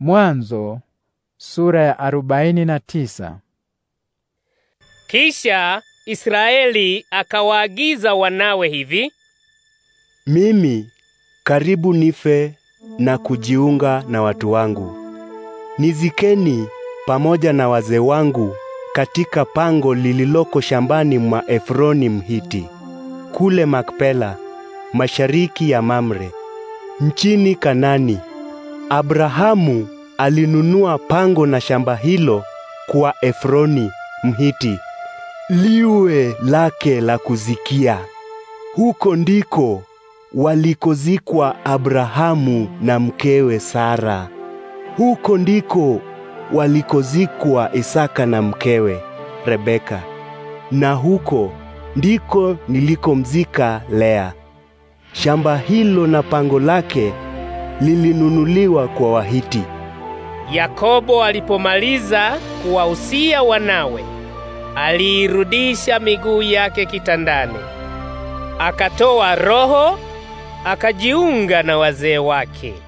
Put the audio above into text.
Mwanzo sura ya arobaini na tisa. Kisha Israeli akawaagiza wanawe hivi: Mimi karibu nife na kujiunga na watu wangu. Nizikeni pamoja na wazee wangu katika pango lililoko shambani mwa Efroni Mhiti, kule Makpela, mashariki ya Mamre, nchini Kanani. Abrahamu alinunua pango na shamba hilo kwa Efroni Mhiti liwe lake la kuzikia. Huko ndiko walikozikwa Abrahamu na mkewe Sara. Huko ndiko walikozikwa Isaka na mkewe Rebeka. Na huko ndiko nilikomzika Lea. Shamba hilo na pango lake lilinunuliwa kwa Wahiti. Yakobo alipomaliza kuwahusia wanawe, aliirudisha miguu yake kitandani, akatoa roho, akajiunga na wazee wake.